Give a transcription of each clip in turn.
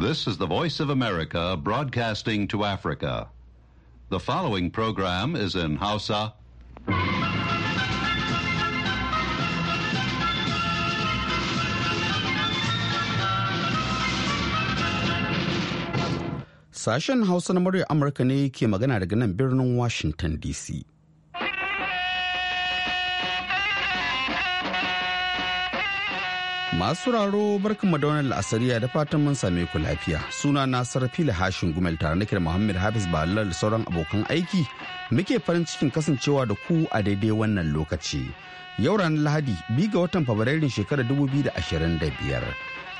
This is the Voice of America broadcasting to Africa. The following program is in Hausa. Sashen Hausa na murya Amurka ne ke magana daga nan birnin Washington DC. masu raro barkan madaunar la'asariya da fatan mun same ku lafiya suna na la hashin gumel tare nake da muhammad hafiz balal da sauran abokan aiki muke farin cikin kasancewa da ku a daidai wannan lokaci yau ranar lahadi bi ga watan fabrairun shekarar 2025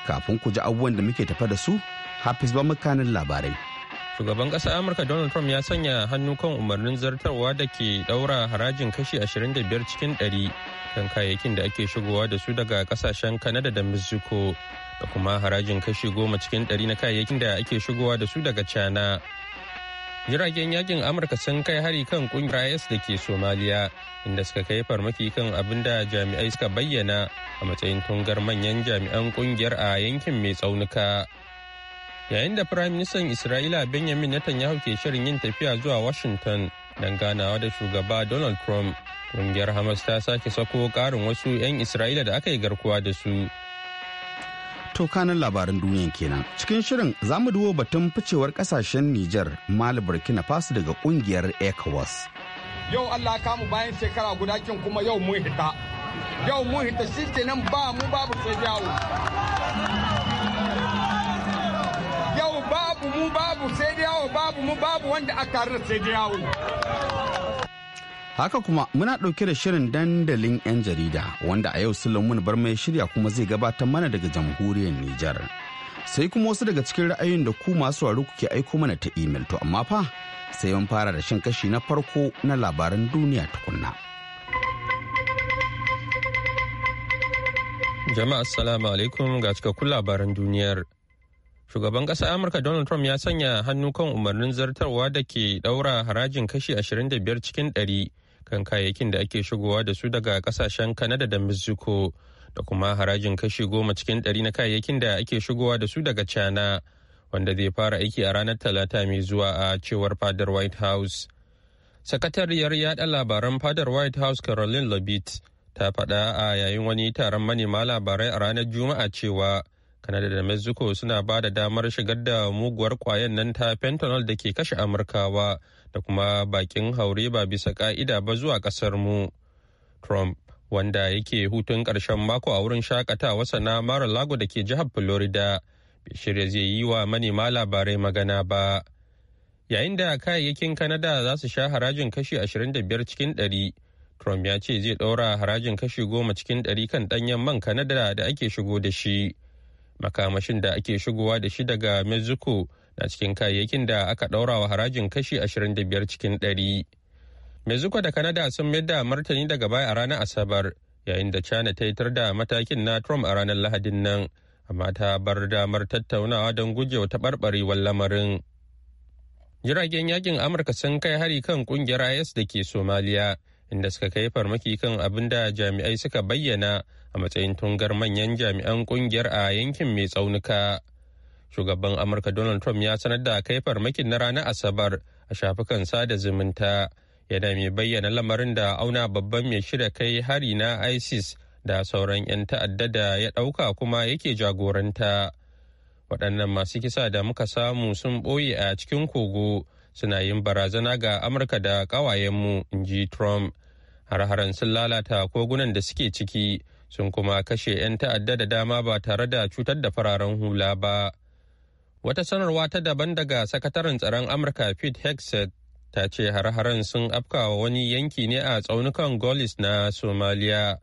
kafin ku ji abubuwan da muke tafa da su hafiz ba mukanin labarai shugaban ƙasar amurka donald trump ya sanya hannu kan umarnin zartarwa da ke ɗaura harajin kashi 25 cikin 100 kan kayayyakin da ake shigowa da su daga ƙasashen kanada da mexico da kuma harajin kashi 10 cikin 100 na kayayyakin da ake shigowa da su daga china jiragen yakin amurka sun kai hari kan kungiyar is da ke somaliya inda suka kai farmaki kan abin da jami'ai suka bayyana a matsayin tungar manyan jami'an ƙungiyar a yankin mai tsaunuka yayin da firayim ministan isra'ila benjamin netanyahu ke shirin yin tafiya zuwa washington don ganawa da shugaba donald trump ƙungiyar hamas ta sake sako karin wasu 'yan isra'ila da aka yi garkuwa da su to kanan labaran duniya kenan cikin shirin za mu duwo batun ficewar kasashen niger mali burkina faso daga kungiyar ecowas yau allah kamu bayan shekara guda kin kuma yau mun hita yau mun hita shi nan ba mu babu sai babu mu babu sai da yawo babu mu babu wanda aka rasa sai da yawo haka kuma muna ɗauke da shirin dandalin 'yan jarida wanda a yau sulaimun bar mai shirya kuma zai gabatar mana daga jamhuriyar Nijar. sai kuma wasu daga cikin ra'ayin da ku masu wari kuke aiko mana ta imel to amma fa sai mun fara da shin kashi na farko na labaran duniya tukunna. jama'a assalamu alaikum ga cikakkun labaran duniyar shugaban ƙasar amurka donald trump ya sanya hannu kan umarnin zartarwa da ke ɗaura harajin kashi 25 cikin 100 kan kayayyakin da ake shigowa da su daga ƙasashen canada da mexico da kuma harajin kashi 10 cikin 100 na kayayyakin da ake shigowa da su daga china wanda zai fara aiki a ranar talata mai zuwa a cewar fadar white house sakatariyar yaɗa labaran fadar white house caroline lobit ta faɗa a yayin wani taron manema labarai a ranar juma'a cewa kanada da Mexico suna ba da damar shigar da muguwar kwayan nan ta fentanyl da ke kashe Amurkawa da kuma bakin haure ba bisa ka'ida ba zuwa kasar mu. Trump wanda yake hutun karshen mako a wurin shakatawa na mara lago da ke jihar Florida bai shirya zai yi wa manema labarai magana ba. Yayin da kayayyakin kanada za su sha harajin kashi 25 cikin 100 Trump ya ce zai ɗaura harajin kashi goma cikin ɗari kan ɗanyen man Kanada da ake shigo da shi. makamashin da ake shigowa da shi daga mexico na cikin kayayyakin da aka ɗaura wa harajin kashi 25 cikin 100 mexico da canada sun mayar da martani daga baya a ranar asabar yayin da china ta yitar da matakin na trump a ranar lahadin nan amma ta bar damar tattaunawa don gujewa taɓarɓarewar lamarin jiragen yakin amurka sun kai hari kan kungiyar is da ke somaliya inda suka kai farmaki kan abin da jami'ai suka bayyana a matsayin tungar manyan jami'an kungiyar a yankin mai tsaunuka shugaban amurka donald trump ya sanar da kai farmakin na ranar asabar a shafukan sada zumunta yana mai bayyana lamarin da auna babban mai shirya kai hari na isis da sauran 'yan ta'adda da ya ɗauka kuma yake jagoranta waɗannan masu kisa da muka samu sun ɓoye a cikin kogo suna yin barazana ga amurka da ƙawayenmu in ji trump har-haren sun lalata kogunan da suke ciki sun kuma kashe 'yan ta'adda da dama ba tare da cutar da fararen hula ba wata sanarwa ta daban daga sakataren tsaron amurka pete hegseth ta ce har-haren sun afkawa wani yanki ne a tsaunukan golis na somaliya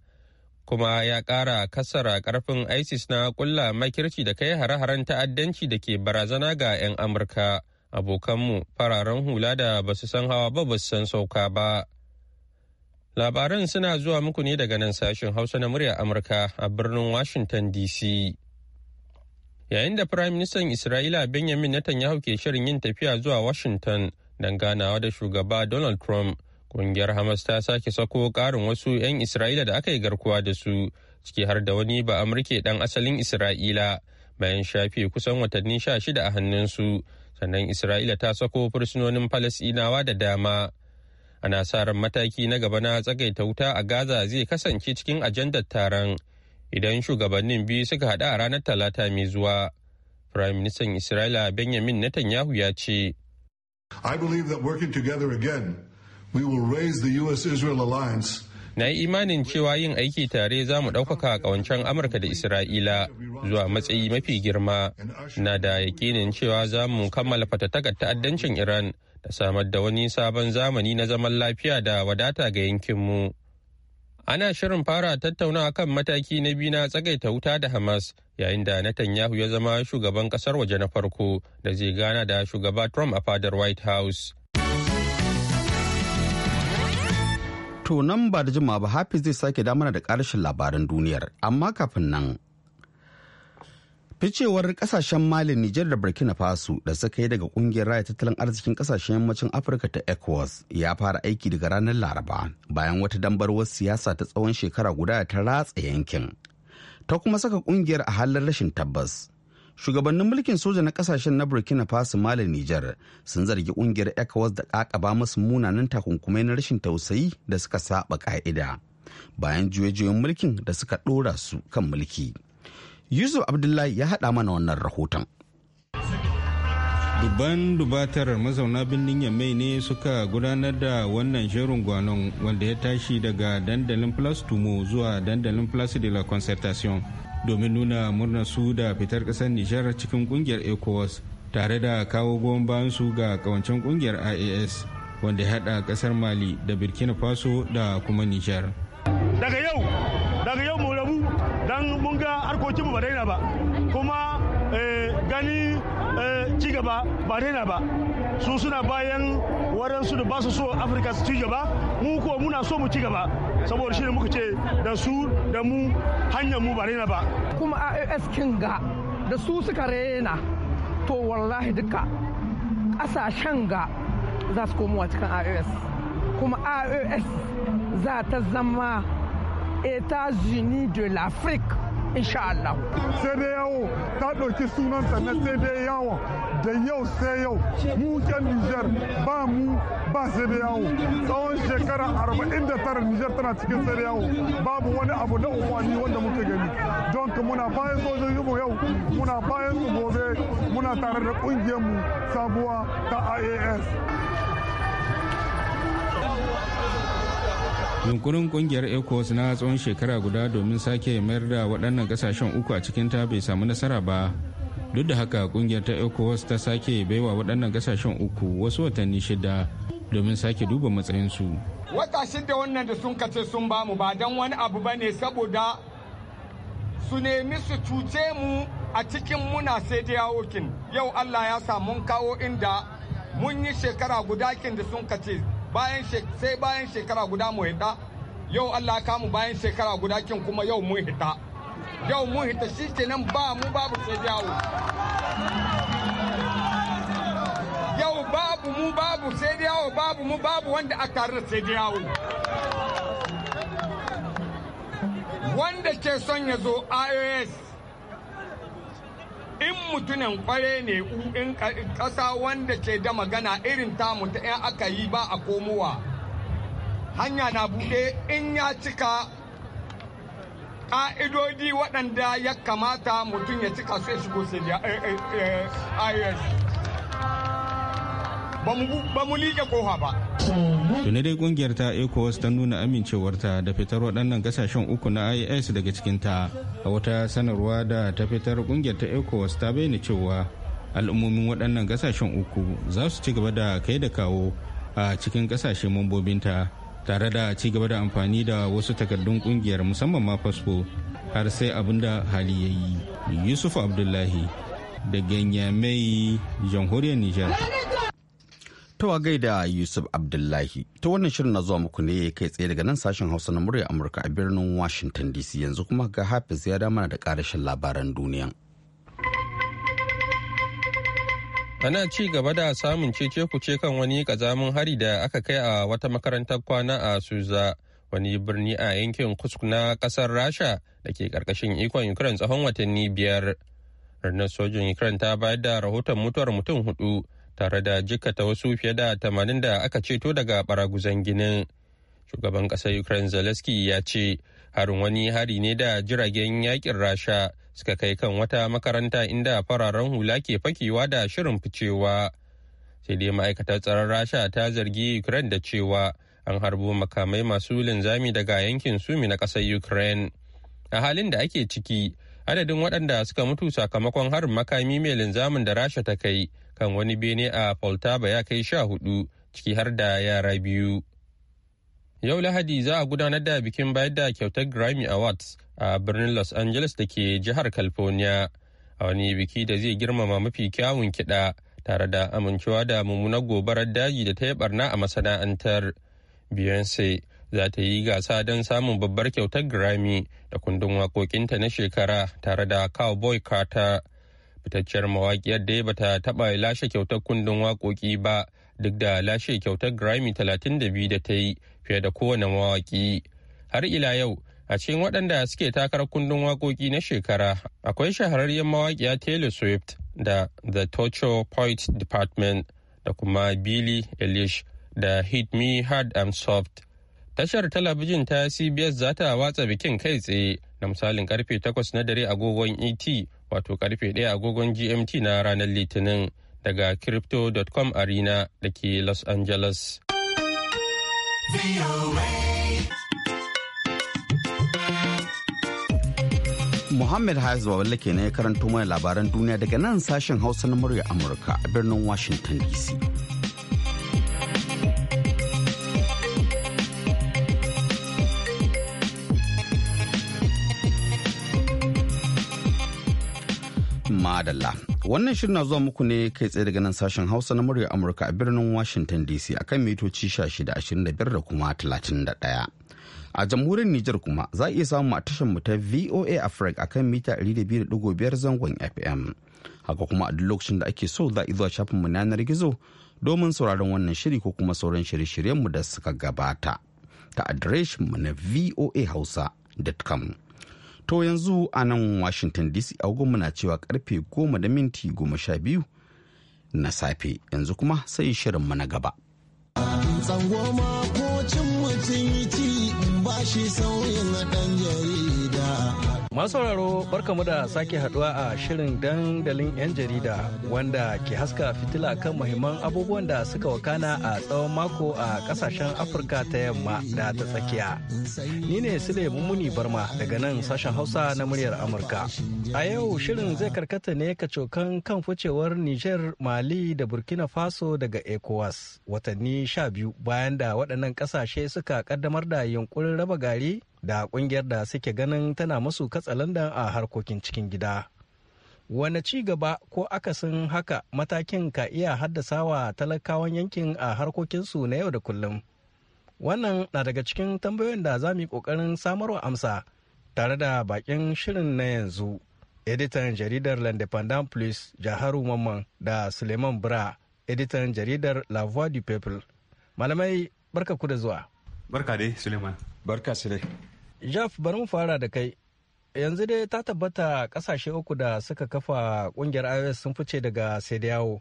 kuma ya ƙara kasara karfin isis na ƙulla makirci da kai har-haren ta'addanci da ke barazana ga 'yan amurka abokanmu fararen hula da basu san hawa ba basu san sauka ba Labaran suna zuwa muku ne daga nan sashen Hausa na murya Amurka a birnin Washington DC. Yayin da Firayim Ministan Isra'ila Benjamin Netanyahu ke shirin yin tafiya zuwa Washington don ganawa da shugaba Donald Trump, kungiyar Hamas ta sake sako ƙarin wasu 'yan Isra'ila da aka yi garkuwa da su, ciki har da wani ba Amurke ɗan asalin Isra'ila bayan shafe kusan watanni sha shida a hannunsu, sannan Isra'ila ta sako fursunonin Falasɗinawa da dama. ana sa ran mataki na gaba na tsagaita wuta a gaza zai kasance cikin ajandar taron idan shugabannin biyu suka hada a ranar talata mai zuwa prime minister isra'ila benjamin netanyahu ya ce i believe that working together again we will raise the us israel alliance na yi imanin cewa yin aiki tare za mu ɗaukaka ƙawancen amurka da isra'ila zuwa matsayi mafi girma na da yakinin cewa za mu kammala fatatakar ta'addancin iran da samar da wani sabon zamani na zaman lafiya da wadata ga yankinmu. Ana shirin fara tattaunawa kan mataki na biyu na tsagaita wuta da Hamas yayin da Netanyahu ya zama shugaban kasar waje na farko da zai gana da shugaba Trump a fadar White House. To nan ba da jima ba hafi zai sake damar da ƙarshen labaran duniyar, amma kafin nan ficewar kasashen mali nijar da burkina faso da suka yi daga kungiyar raya tattalin arzikin kasashen yammacin afirka ta ecowas ya fara aiki daga ranar laraba bayan wata dambarwar siyasa ta tsawon shekara guda ta ratsa yankin ta kuma saka kungiyar a halin rashin tabbas shugabannin mulkin soja na kasashen na burkina faso mali nijar sun zargi kungiyar ecowas da kakaba musu munanan takunkumai na rashin tausayi da suka saba ka'ida bayan juye-juyen mulkin da suka dora su kan mulki. Yusuf Abdullahi ya haɗa mana wannan rahoton. dubban dubatar mazauna birnin yamai ne suka gudanar da wannan jerin gwanon wanda ya tashi daga dandalin plus tumo zuwa dandalin plus de la concertation domin nuna murnar su da fitar ƙasar nijar cikin ƙungiyar ecowas tare da kawo goyon bayan su ga kawancen ƙungiyar ias wanda ya haɗa kasar mali da burkina faso da kuma nijar daga yau daga yau ba daina ba kuma eh, gani eh, ci gaba ba daina ba su suna bayan waɗansu da ba su so afirka su ci gaba mu ko muna so mu ci gaba saboda shi ne muka ce da su da mu hanyar mu ba daina ba kuma kin kinga da su suka rena to wallahi duka ƙasashen ga za su komowa cikin kuma ios za ta zama etats-unis de l'afrique insha Allah sai dai yawo ta ɗauki sunanta na sai dai yawo da yau sai yau mu kyan Nijar ba mu ba sai dai yawo tsawon shekara da tara Nijar tana cikin sai dai yawo babu wani abu na umarni wanda muka gani don ka muna bayan sojojin mu yau muna bayan su gobe muna tare da ƙungiyar mu sabuwa ta IAS yunkurin kungiyar ecos na tsawon shekara guda domin sake mayar da waɗannan ƙasashen uku a cikin ta bai samu nasara ba duk da haka kungiyar ta ecos ta sake baiwa waɗannan ƙasashen uku wasu watanni shida domin sake duba matsayinsu wata shida wannan da sun kace sun bamu ba don wani abu ba ne saboda su nemi su cuce mu a cikin muna sai da yawokin yau allah ya samu kawo inda mun yi shekara guda kin da sun kace bayan sai bayan shekara guda mu hita yau Allah kamu bayan shekara guda kin kuma yau mun hita yau mun hita shi kenan ba mu babu sai yawo yau babu mu babu sai yawo babu mu babu wanda aka tare sai yawo wanda ke son ya zo IOS in mutunan kware ne in ƙasa wanda ke da magana irin ta ta 'yan aka yi ba a komowa hanya na buɗe in ya cika ƙa'idodi waɗanda ya kamata mutum ya cika su ya shigo eh, eh, eh, ba mu liƙe kofa ba tuni dai kungiyar ta ecowas ta nuna amincewarta da fitar waɗannan kasashen uku na is daga cikinta a wata sanarwa da ta fitar kungiyar ta ecowas ta bayyana cewa al'ummomin waɗannan kasashen uku za su ci gaba da kai da kawo a cikin kasashe mambobinta tare da ci gaba da amfani da wasu takardun kungiyar musamman ma fasfo har sai abin da hali ya yi yusuf abdullahi da ganyamai jamhuriyar nijar wa gaida Yusuf Abdullahi. Ta wannan shirin na zuwa muku ne kai tsaye daga nan sashen Hausa na murya Amurka a birnin Washington DC yanzu kuma ga Hafiz ya mana da karashin labaran duniya. Ana ci gaba da samun cece kuce kan wani kazamin hari da aka kai a wata makarantar kwana a Suza, wani birni a yankin Kusk na kasar Rasha da ke karkashin ikon Ukraine tsawon watanni biyar. Rannan sojin Ukraine ta bayar da rahoton mutuwar mutum hudu tare da jikata wasu fiye da tamanin da aka ceto daga baraguzan ginin shugaban ƙasar ukraine zelensky ya ce harin wani hari ne da jiragen yakin rasha suka kai kan wata makaranta inda fararen hula ke fakewa da shirin ficewa sai dai ma'aikatar tsaron rasha ta zargi ukraine da cewa an harbo makamai masu linzami daga yankin sumi na ƙasar ukraine a halin da ake ciki adadin waɗanda suka mutu sakamakon harin makami mai linzamin da rasha ta kai kan wani bene a poltaba ya kai sha hudu ciki har da yara biyu. Yau Lahadi za a gudanar da bikin bayar da kyautar Grammy Awards a birnin Los Angeles da ke jihar California a wani biki da zai girmama mafi kyawun kiɗa tare da amincewa da mummunar gobarar daji da ta yi barna a masana'antar. Beyonce za ta yi gasa don samun babbar kyautar Grammy da kundin waƙoƙinta na shekara tare da Cowboy Carter. fitacciyar mawaƙiyar da ba ta taɓa lashe kyautar kundin waƙoƙi ba duk da lashe kyautar grammy 32 da ta yi fiye da kowane mawaƙi har ila yau a cikin waɗanda suke takarar kundin waƙoƙi na shekara akwai shahararriyar mawaƙiya taylor swift da the torture point department da kuma billy elish da hit me hard and soft Tashar talabijin ta CBS za ta watsa bikin kai tsaye na misalin karfe 8 na dare agogon ET wato karfe 1 agogon GMT na ranar Litinin daga crypto.com arena da ke Los Angeles. Muhammad Haizuwa wanda ke karanto mai labaran duniya daga nan sashen Hausa na murya Amurka a birnin Washington DC. Madalla. Wannan shirin na zuwa muku ne kai tsaye daga nan sashen Hausa na murya Amurka a birnin Washington DC akan mitoci 1625 da kuma 31. A jamhuriyar Nijar kuma za a iya samu a tashar mu ta VOA Africa akan mita 200.5 zangon FM. Haka kuma a duk lokacin da ake so za a zuwa shafin mu yanar gizo domin sauraron wannan shiri ko kuma sauran shirye-shiryen mu da suka gabata. Ta adireshin mu na voa voahausa.com. To yanzu a nan Washington DC agogonmu na cewa karfe goma da minti goma sha biyu na safe yanzu kuma sai mu na gaba. Tsangoma ko cin mutum yi ci ba shi sauyin dan jarida. Masu sauraro barkamu da sake haduwa a shirin dandalin 'yan jarida wanda ke haska fitila kan muhimman abubuwan da suka wakana a tsawon mako a kasashen Afirka ta yamma da ta tsakiya. Ni ne Sule Mummuni Barma daga nan sashen Hausa na muryar Amurka. A yau shirin zai karkata ne kacokan kan ficewar Niger, Mali da Burkina Faso daga ECOWAS watanni sha biyu bayan da waɗannan ƙasashe suka ƙaddamar da yunkurin raba gari da kungiyar da suke ganin tana masu katsalandan a harkokin cikin gida. Wane ci gaba ko akasin haka matakin ka iya haddasawa talakawan yankin a harkokinsu na yau da kullum? Wannan na daga cikin tambayoyin da za mu yi ƙoƙarin samarwa amsa tare da bakin shirin na yanzu. Editan jaridar L'Independent Police Jaharu Mamman da Suleiman Bra, editan jaridar La Voix du peuple Malamai barka ku da zuwa. Barka dai Suleiman. Barka Suleiman. jeff bari mu fara da kai. Yanzu dai ta tabbata kasashe uku da suka kafa kungiyar IOS sun fice daga yawo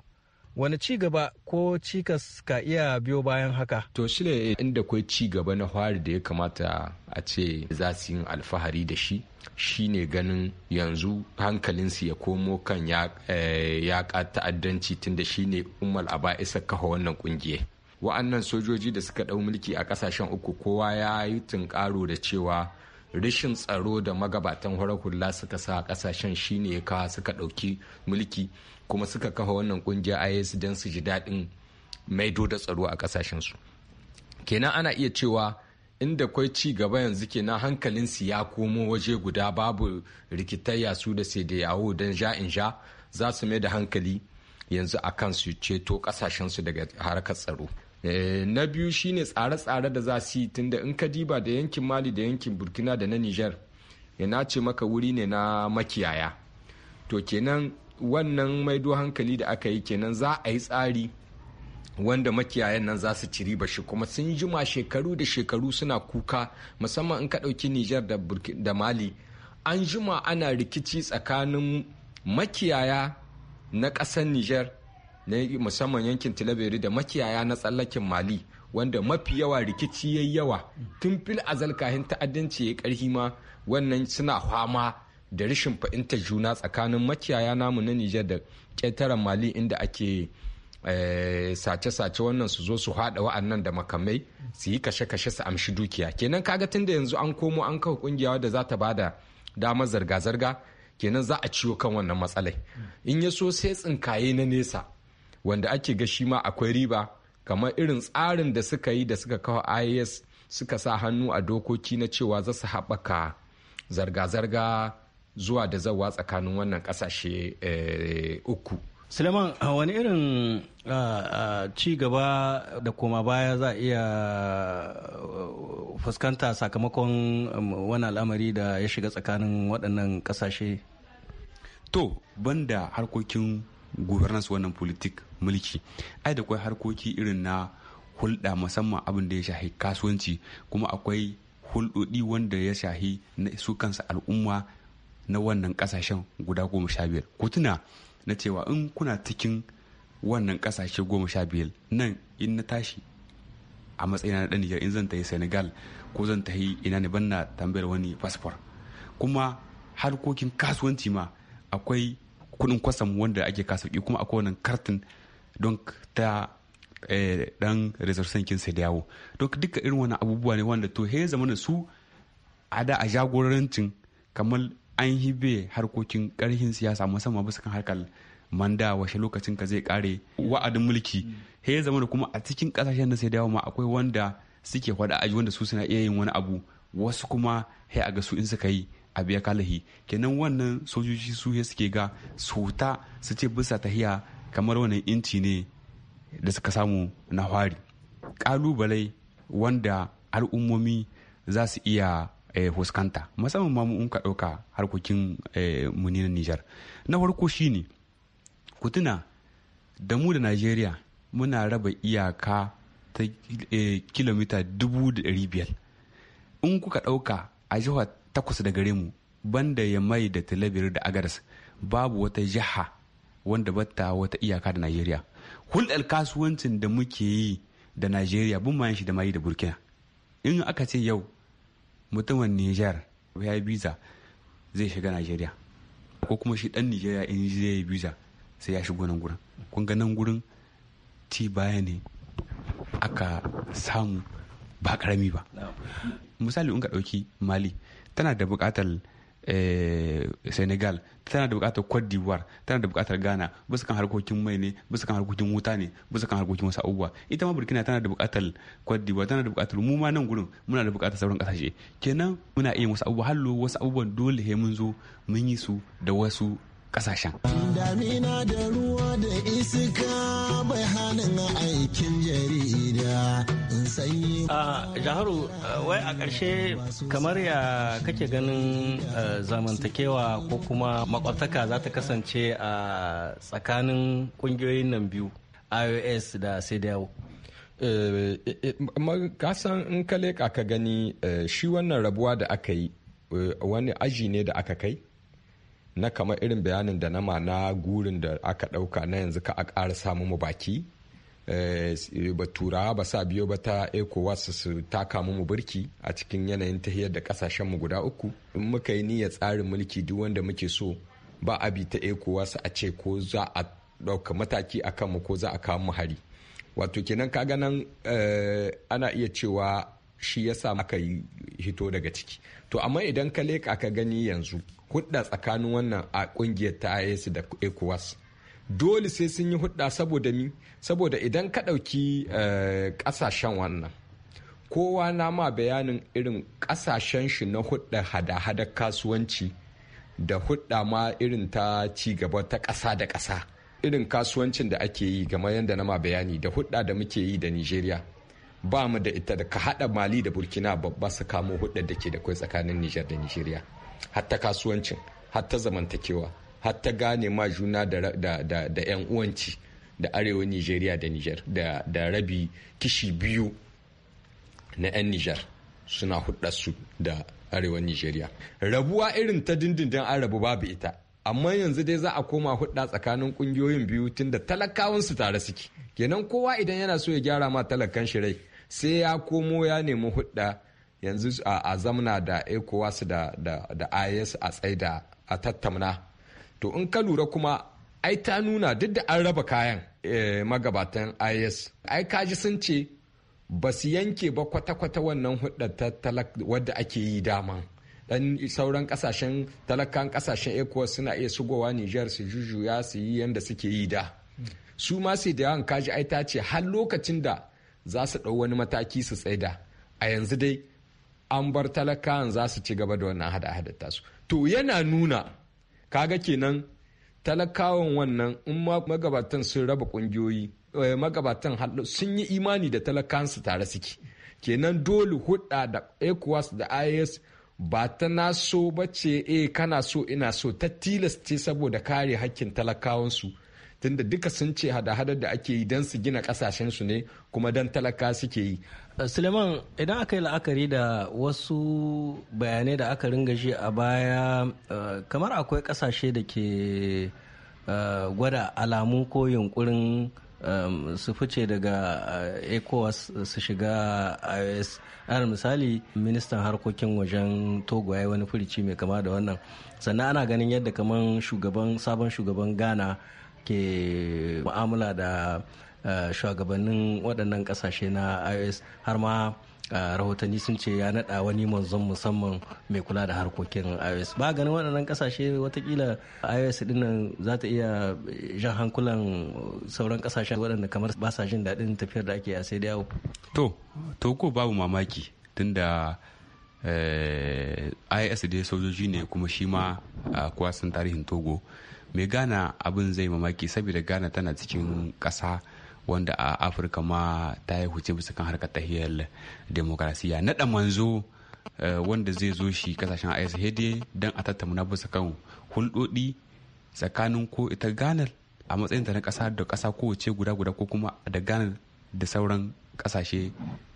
Wani ci gaba ko cikas ka iya biyo bayan haka? To shile inda kwai ci gaba na fari da ya kamata a ce za su yi alfahari da shi shi ne ganin yanzu hankalinsu ya komo kan ya eh, ta'addanci tunda ne umar ba isa kafa wannan kungiyar. wa'annan sojoji da suka ɗau mulki a ƙasashen uku kowa ya yi tunƙaro da cewa rashin tsaro da magabatan horar hula suka sa ƙasashen shine ya kawo suka ɗauki mulki kuma suka kafa wannan ƙungiya is don su ji daɗin maido da tsaro a su kenan ana iya cewa inda kwai ci gaba yanzu kenan hankalinsu ya komo waje guda babu rikitayya su da sai da yawo don ja in ja za su mai da hankali yanzu a su ceto su daga harkar tsaro Eh, na biyu shine tsare-tsare da za su yi tunda in ka diba da yankin mali da yankin burkina da na niger ya ce maka wuri ne na makiyaya to kenan wannan maido hankali da aka yi kenan za a yi tsari wanda makiyayan nan za su ciri ba shi kuma sun jima shekaru da shekaru suna kuka musamman in ka ɗauki niger da mali an jima ana rikici tsakanin makiyaya na ƙasar niger na musamman yankin tilaberi da makiyaya na tsallakin mali wanda mafi yawa rikici yayi yawa tun fil azal kahin ta'addanci ya karhi ma wannan suna fama da rashin fahimtar juna tsakanin makiyaya namu na Nijar da ƙetaren mali inda ake eh, sace-sace wannan su zo su haɗa wa'annan da makamai su yi kashe-kashe su amshi dukiya kenan kaga tun da yanzu an komo an kawo kungiya da za ta bada damar zarga-zarga kenan za a ciwo kan wannan matsalai in ya so sai tsinkaye na nesa wanda ake ga shi ma akwai riba kamar irin tsarin da suka yi da suka kawo is suka sa hannu a dokoki na cewa za su haɓaka zarga-zarga zuwa da zawa tsakanin wannan ƙasashe eh, uku. Suleiman wani irin ci gaba da koma baya za a iya uh, fuskanta sakamakon um, wani al'amari da ya shiga tsakanin waɗannan ƙasashe? To, banda harkokin governance wannan politik mulki ai da kwai harkoki irin na hulɗa musamman abin da ya shahi kasuwanci kuma akwai hulɗoɗi wanda ya shahi na su kansa al'umma na wannan ƙasashen guda goma sha biyar ku tuna na cewa in kuna cikin wannan kasashe goma sha biyar nan in na tashi a matsayina na ɗan in zan tafi senegal ko zan tafi ina ne banna tambayar wani fasfor kuma harkokin kasuwanci ma akwai kudin kwasam wanda ake kasauki kuma akwai wannan kartin don ta eh, dan resursan kinsa da yawo don duka irin wani abubuwa ne wanda to he zamana su a da a jagorancin kamar an hibe harkokin karhin siyasa musamman bisa kan harkar manda washe lokacin ka zai kare wa'adin mulki he zamana kuma a cikin kasashen da sai da ma akwai wanda suke faɗa aji wanda su suna iya yin wani abu wasu kuma he a ga su in suka yi a biya kalahi kenan wannan sojoji su ya suke ga sota su ce bisa tahiya kamar wannan inci ne da suka samu na hwari kalubalai wanda al'ummomi za su iya eh, huskanta musamman ma mun ka ɗauka harkokin eh, mu na nijar na farko shine kutuna da mu da najeriya muna raba iyaka ta eh, kilomita dubu da biyar in kuka ɗauka a jihar takwas da gare mu banda ya mai da talabir da agaras babu wata jiha wanda bata wata iyaka da najeriya hulɗar kasuwancin da muke yi da najeriya bin mayan shi da mayi da burkina in aka ce yau mutumin niger ya yi biza zai shiga najeriya ko kuma shi dan nigeria in zai yi biza sai ya shigo nan gurin kun ga nan gurin ci baya ne aka samu ba karami ba misali in ka ɗauki mali tana da buƙatar eh, senegal tana da buƙatar cote d'ivoire tana da buƙatar ghana bisa kan harkokin mai ne bisa kan harkokin wuta ne bisa kan harkokin wasu abubuwa ita ma burkina tana da buƙatar cote d'ivoire tana da buƙatar mu ma nan gurin muna da buƙatar sauran kasashe kenan muna iya wasu abubuwa hallo wasu abubuwan dole he mun zo mun yi su da wasu kasashen. Damina da ruwa da iska bai hannun aikin jarida sanyi. A Jaharu, wai a ƙarshe kamar ya kake ganin zamantakewa ko kuma makwabtaka za ta kasance a tsakanin ƙungiyoyin nan biyu IOS da cdo. Eh, eh, eh, kasan in ka leƙa ka gani shi wannan rabuwa da aka yi wani aji ne da aka kai na kama irin bayanin da na ma na gurin da aka ɗauka na yanzu ka a ƙara samu mu baki Eh, ba turawa ba sa biyo ba ta ecowas su taka mu birki a cikin yanayin tahiyar da kasashen mu guda uku in muka yi niyyar tsarin mulki duk wanda muke so ba a bi ta ecowas a ce ko za a ɗauka mataki a kanmu ko za a kawo mu hari wato kenan ka ganan eh, ana iya cewa shi ya sa aka yi hito daga ciki to amma idan ka leka ka gani yanzu hudda tsakanin wannan a kungiyar ta is da ecowas dole sai sun yi hudda saboda mi saboda idan ka ɗauki eh, ƙasashen wannan kowa na ma bayanin irin kasashen shi na hudda hada-hada kasuwanci da hudda ma irin ta ci gaba ta kasa da ƙasa irin kasuwancin da ake yi game yadda na ma bayani da hudda da muke yi da nigeria ba mu da ita da ka hada mali da burkina babba su kamo hudda da ke da kai tsakanin niger da nigeria hatta kasuwancin hatta zamantakewa har ta gane ma juna da 'yan uwanci da arewa nigeria da niger da rabi kishi biyu na 'yan niger suna su da arewan nigeria rabuwa irin ta dindindin an rabu babu ita amma yanzu dai za a koma hudda tsakanin kungiyoyin biyu tun da talakawan su tare suke kenan kowa idan yana so ya gyara ma talakan shi rai sai ya komo ya nemi hudda yanzu a zamna da ecowas da is a tsaida a tattamna to in ka lura kuma ai ta nuna duk da an raba kayan eh, magabatan is ai kaji sun ce ba su yanke ba kwata-kwata wannan hudar wadda ake yi dama dan sauran kasashen talakan kasashen Eko suna iya shigowa niger su jujuya su yi yadda suke yi da su ma sai da yawan kaji ai ta ce har lokacin da za su ɗau wani mataki su tsaida a yanzu dai an bar talakan za su ci gaba da wannan hada hada tasu to yana nuna kaga kenan talakawan wannan in magabatan sun raba kungiyoyi eh, magabatan sun yi imani da talakansu tare suke kenan dole hudda da ecowas da is ba ta na so ba ce e kana so ina so ta tilasta saboda kare hakkin talakawansu tunda duka sun ce hada-hadar da ake yi don su gina kasashen su ne kuma don talaka suke yi uh, suleiman idan aka yi la'akari da wasu bayanai da aka ringa shi a baya uh, kamar akwai kasashe da ke uh, gwada alamu ko yunkurin um, su fice daga ecowas su shiga ios ana misali ministan harkokin wajen togo ya wani furici mai kama da wannan sannan ana ganin yadda kamar shugaban sabon shugaban ghana ke mu'amala da eh, shugabannin waɗannan ƙasashe na ios har ma eh, rahotanni sun ce ya naɗa wani manzon musamman mai kula da harkokin ios ba ganin waɗannan ƙasashe watakila ios ɗinnan zata za ta iya jan hankulan sauran ƙasashe waɗanda kamar ba sa jin daɗin tafiyar da ake a sai da to to ko babu mamaki tunda eh, ios dai sojoji ne kuma shi ma kuwa sun tarihin togo mai ghana abin zai mamaki saboda ghana tana cikin kasa wanda a afirka ma ta yi huce bisa kan harkar tahiyar demokarasiya naɗa manzo eh, wanda zai zo shi kasashen ishd don a tattauna bisa kan hulɗoɗi tsakanin ko ita Ghana a matsayin ta na ƙasa da ƙasa kowace guda guda ko kuma da Ghana da sauran ƙasashe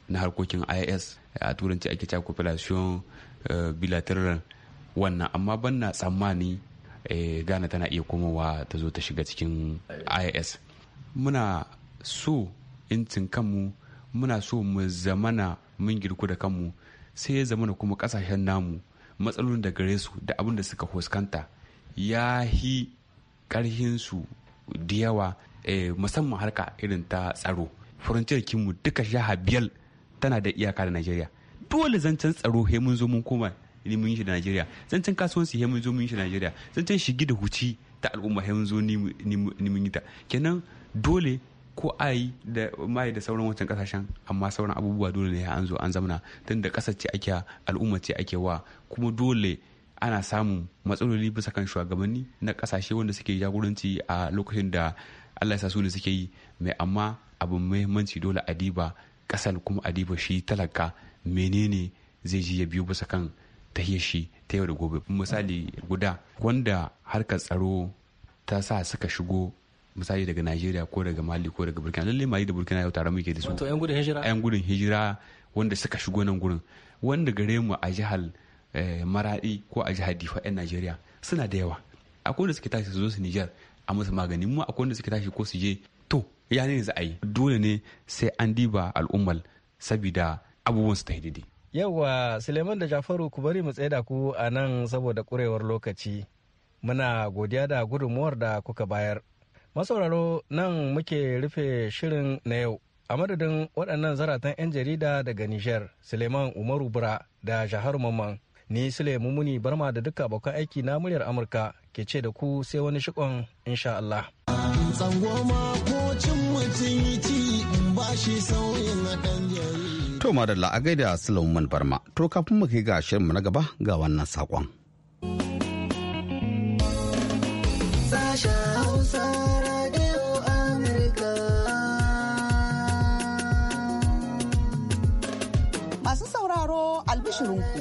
na harkokin is a turanci ake cewa cooperation eh, bilateral wannan amma ban na tsammani Eh, ghana tana iya komowa ta zo ta shiga cikin is muna so incin kanmu muna so mu zamana mun girku da kanmu sai ya zamana kuma kasashen namu matsalolin da gare su da abin da suka huskanta ya hi karhinsu da yawa eh, musamman harka irin ta tsaro frontier kinmu duka sha biyar tana da iyaka da Najeriya dole zancen tsaro he mun zo mun koma ni mun shi da Najeriya zancen kasuwanci ya mun zo mun shi da Najeriya zancen shigi da huci ta al'umma ya mun zo ni mun yi ta kenan dole ko ai da mai da sauran wancan kasashen amma sauran abubuwa dole ne an zo an zamana tun da kasar ce ake al'umma ce ake wa kuma dole ana samun matsaloli bisa kan shugabanni na kasashe wanda suke jagoranci a lokacin da Allah ya sa su ne suke yi mai amma abin muhimmanci dole adiba kasar kuma a adiba shi talaka menene zai ji ya biyo bisa kan ta yi shi ta yau da gobe misali guda wanda harkar tsaro ta sa suka shigo misali daga Najeriya ko daga Mali ko daga Burkina lalle Mali da Burkina yau tare muke da su. Wato 'yan gudun hijira? 'yan gudun hijira wanda suka shigo nan gurin wanda gare mu a jihar eh, Maradi ko a jihar Difa 'yan Najeriya suna da yawa. Akwai wanda suke tashi su zo su Nijar a musu magani mu akwai wanda suke tashi ko su je to ya ne za a yi dole ne sai an diba al'ummal sabida abubuwan su ta daidai. Yauwa Suleiman da Jafaru ku bari mu tsaida ku a nan saboda kurewar lokaci. Muna godiya da gudunmuwar da kuka bayar. Masauraro nan muke rufe shirin na yau. A madadin waɗannan zaratan 'yan jarida daga niger Suleiman Umaru Bura da Jahar Mamman, ni Suleiman Muni Barma da duka abokan aiki na muryar Amurka ke ce da ku sai wani shikon insha Allah. Tsangwama ko cin mutum yi ci in ba shi To madalla a gaida Suleiman Barma, to kafin mu kai ga shirinmu na gaba ga wannan saƙon.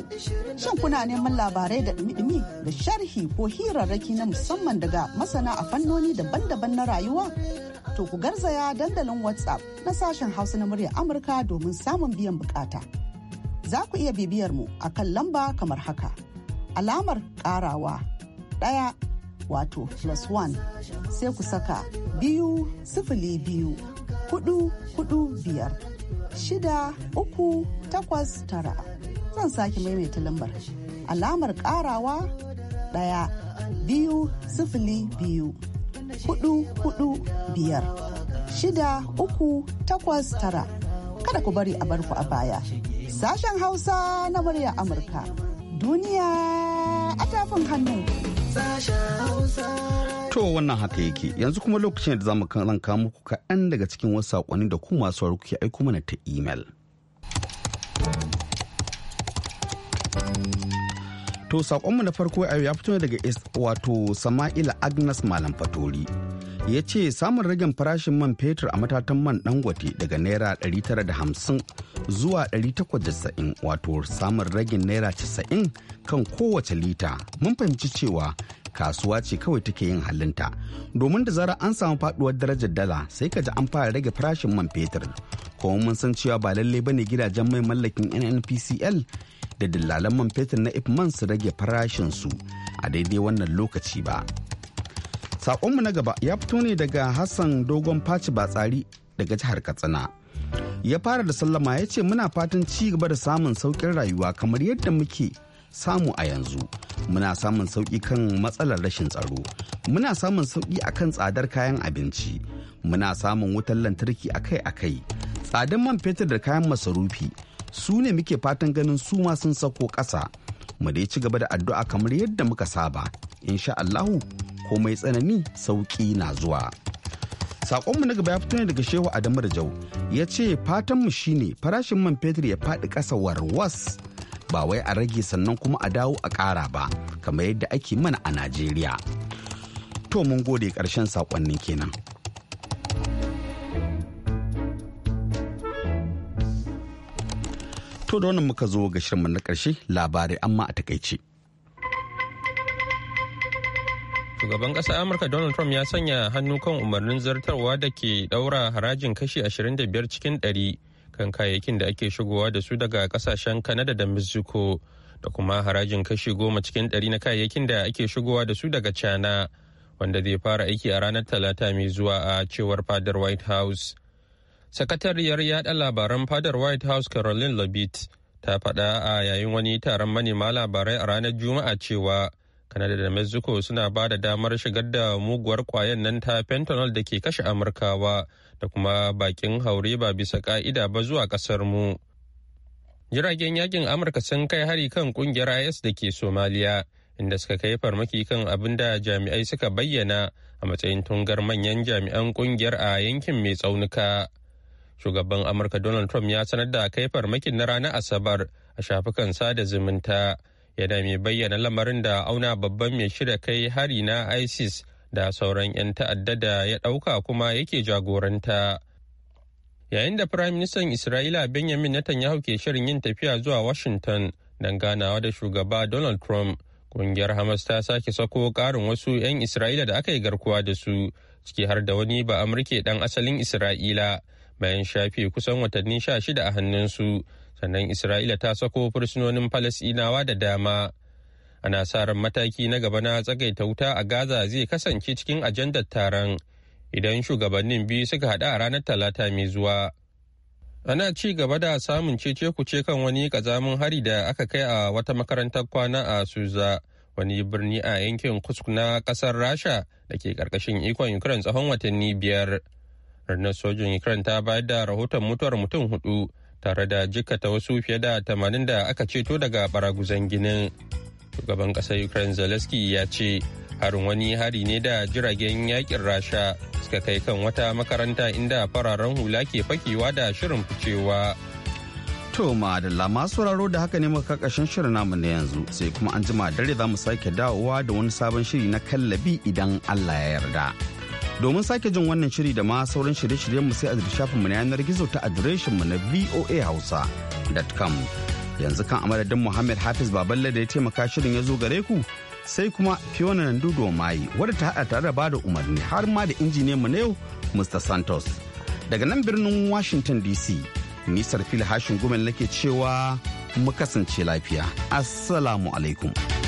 ku. Shin kuna neman labarai da ɗumi-ɗumi da sharhi ko hirarraki na musamman daga masana a fannoni daban-daban na rayuwa? To ku garzaya dandalin WhatsApp na sashen Hausa na muryar Amurka domin samun biyan bukata. Za ku iya bibiyar mu a kan lamba kamar haka. Alamar ƙarawa ɗaya wato plus one sai ku saka biyu sifili biyu hudu hudu biyar shida uku takwas tara zan sake maimaita lambar alamar karawa ɗaya biyu sifili biyu hudu hudu biyar shida uku takwas tara kada ku bari a barku a baya sashen hausa na murya amurka duniya a tafin hannu To wannan haka yake yanzu kuma lokacin da zamu kan muku kaɗan daga cikin wasu saƙonni da kuma masu kuke aiko mana ta imel. To saƙonmu na farko a yau ya fito daga wato Sama'ila Agnes Malam Fatori. Ya ce samun ragin farashin man fetur a matatan man dangote daga Naira 950 zuwa 890 wato samun ragin Naira 90 kan kowace lita. Mun fahimci cewa kasuwa ce kawai take yin halinta domin da zarar an samu faduwar darajar dala sai ka ji an fara rage farashin man fetur kuma mun san cewa ba lallai bane gidajen mai mallakin nnpcl da dillalan man fetur na ipman su rage farashin su a daidai wannan lokaci ba saƙonmu na gaba ya fito ne daga hassan dogon faci batsari daga jihar katsina ya fara da sallama ya ce muna fatan ci gaba da samun saukin rayuwa kamar yadda muke samu a yanzu muna samun sauƙi kan matsalar rashin tsaro muna samun sauƙi akan tsadar kayan abinci muna samun wutar lantarki akai-akai tsadar man fetur da kayan masarufi su ne muke fatan ganin su ma sun sako ƙasa mu dai ci gaba da addu'a kamar yadda muka saba insha Allahu komai tsanani sauƙi na zuwa saƙonmu na gaba ya fito ne daga shehu adamu da jau ya ce fatanmu shine farashin man fetur ya faɗi ƙasa warwas ba wai a rage sannan kuma a dawo a ƙara ba kamar yadda ake mana a najeriya to mun gode ƙarshen saƙonnin kenan to da wannan muka zo ga shirinmu na ƙarshe labarai amma a takaice shugaban ƙasar amurka donald trump ya sanya hannu kan umarnin zartarwa da ke ɗaura harajin kashi 25 cikin ɗari. kan kayayyakin da ake shigowa da su daga kasashen Canada da Mexico da kuma harajin kashi goma cikin ɗari na kayayyakin da ake shigowa da su daga China wanda zai fara aiki a ranar Talata mai zuwa a cewar fadar White House. Sakatariyar yaɗa labaran fadar White House Caroline Leavitt ta faɗa a yayin wani taron manema labarai a ranar Juma'a cewa Kanada da Mexico suna ba da damar shigar da muguwar kwayan nan ta fentanyl da ke kashe Amurkawa da kuma bakin haure ba bisa ka'ida ba zuwa kasar mu. Jiragen yakin Amurka sun kai hari kan kungiyar IS da ke Somaliya inda suka kai farmaki kan abin da jami'ai suka bayyana a matsayin tungar manyan jami'an kungiyar a yankin mai tsaunuka. Shugaban Amurka Donald Trump ya sanar da kai farmakin na ranar Asabar a shafukan sada zumunta. yana mai bayyana lamarin da auna babban mai shirya kai hari na isis da sauran 'yan ta'adda da ya ɗauka kuma yake jagoranta yayin da firayim ministan isra'ila benjamin netanyahu ke shirin yin tafiya zuwa washington don ganawa da shugaba donald trump kungiyar hamas ta sake sako karin wasu 'yan isra'ila da aka yi garkuwa da su ciki har da wani ba amurke ɗan asalin isra'ila bayan shafe kusan watanni sha shida a hannunsu sannan isra'ila ta sako fursunonin falasinawa da dama ana sa ran mataki na gaba na tsagaita wuta a gaza zai kasance cikin ajandar taron idan shugabannin biyu suka haɗu a ranar talata mai zuwa ana ci gaba da samun cece kuce kan wani kazamin hari da aka kai a wata makarantar kwana a suza wani birni a yankin kusk na kasar rasha da ke karkashin ikon ukraine tsawon watanni biyar rannar sojin ukraine ta bayar da rahoton mutuwar mutum hudu tare da jikkata wasu fiye da tamanin da aka ceto daga baraguzan ginin shugaban ƙasar ukraine zelensky ya ce harin wani hari ne da jiragen yakin rasha suka kai kan wata makaranta inda fararen hula ke fakewa da shirin ficewa to da masu sauraro da haka ne muka kakashin shirin namu na yanzu sai kuma an jima dare za mu sake dawowa da wani sabon shiri na kallabi idan allah ya yarda Domin sake jin wannan shiri da ma sauran shirye-shiryenmu sai a shafinmu na yanar gizo ta mu na voahausa.com. Yanzu kan amadadin Muhammad Hafiz Baballe da ya taimaka shirin ya zo gare ku sai kuma Fiona Nandudo Mai wadda ta haɗa tare da bada umarni har ma da mu na yau Mr. Santos. Daga nan birnin Washington DC, nisar fil hashin gumen nake cewa mu kasance lafiya. Assalamu alaikum.